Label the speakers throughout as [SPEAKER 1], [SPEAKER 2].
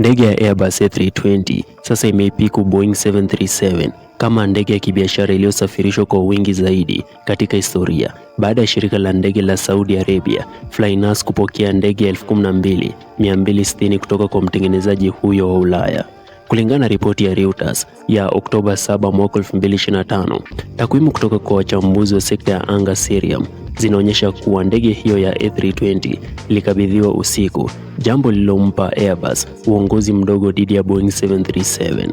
[SPEAKER 1] Ndege ya Airbus A320 sasa imeipiku Boeing 737 kama ndege ya kibiashara iliyosafirishwa kwa wingi zaidi katika historia baada ya shirika la ndege la Saudi Arabia Flynas kupokea ndege 12260 kutoka kwa mtengenezaji huyo wa Ulaya. Kulingana na ripoti ya Reuters ya Oktoba 7 mwaka 2025, takwimu kutoka kwa wachambuzi wa sekta ya anga Cerium zinaonyesha kuwa ndege hiyo ya A320 ilikabidhiwa usiku, jambo lililompa Airbus uongozi mdogo dhidi ya Boeing 737.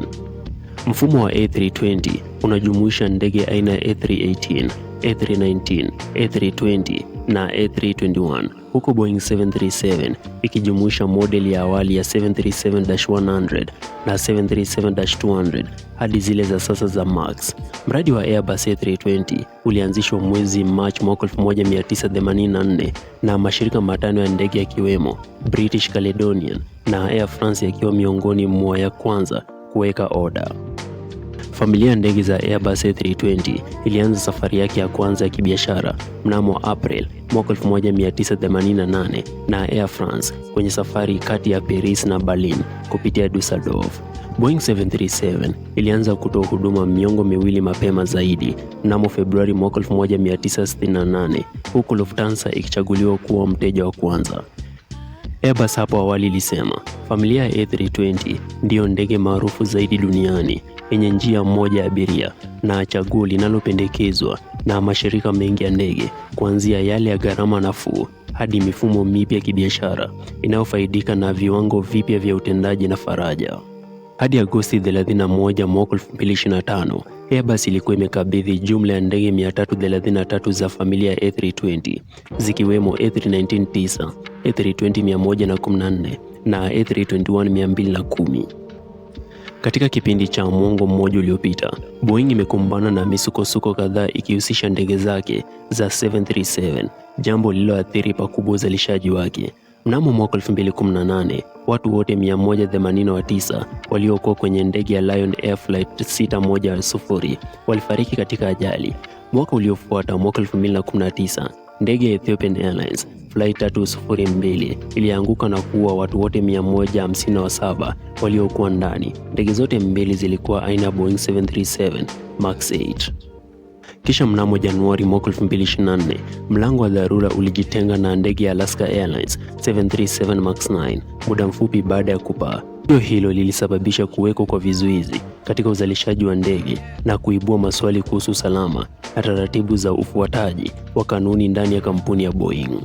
[SPEAKER 1] Mfumo wa A320 unajumuisha ndege aina ya A318, A319, A320 na A321 huku Boeing 737 ikijumuisha modeli ya awali ya 737-100 na 737-200 hadi zile za sasa za Max. Mradi wa Airbus A320 ulianzishwa mwezi Machi mwaka 1984 na mashirika matano ya ndege yakiwemo British Caledonian na Air France yakiwa miongoni mwa ya kwanza kuweka oda. Familia ya ndege za Airbus A320 ilianza safari yake ya kwanza ya kibiashara mnamo April mwaka 1988 na Air France kwenye safari kati ya Paris na Berlin kupitia Dusseldorf. Boeing 737 ilianza kutoa huduma miongo miwili mapema zaidi mnamo Februari mwaka 1968 huku Lufthansa ikichaguliwa kuwa mteja wa kwanza. Airbus hapo awali ilisema Familia ya A320 ndiyo ndege maarufu zaidi duniani yenye njia moja ya abiria na chaguo linalopendekezwa na mashirika mengi ya ndege, kuanzia yale ya gharama nafuu hadi mifumo mipya ya kibiashara inayofaidika na viwango vipya vya utendaji na faraja. Hadi Agosti 31 mwaka 2025, Airbus ilikuwa imekabidhi jumla ya ndege 333 za familia ya A320 zikiwemo A319, A320 114 na A321 210. Katika kipindi cha mwongo mmoja uliopita, Boeing imekumbana na misukosuko kadhaa ikihusisha ndege zake za 737, jambo lililoathiri pakubwa uzalishaji wake. Mnamo mwaka 2018, watu wote 189 waliokuwa kwenye ndege ya Lion Air Flight 610 walifariki katika ajali. Mwaka uliofuata, mwaka 2019, Ndege ya Ethiopian Airlines Flight 302 ilianguka na kuua watu wote 157 waliokuwa ndani. Ndege zote mbili zilikuwa aina ya Boeing 737 Max 8. Kisha mnamo Januari mwaka 2024, mlango wa dharura ulijitenga na ndege ya Alaska Airlines 737 Max 9 muda mfupi baada ya kupaa. Tukio hilo lilisababisha kuwekwa kwa vizuizi katika uzalishaji wa ndege na kuibua maswali kuhusu usalama na taratibu za ufuataji wa kanuni ndani ya kampuni ya Boeing.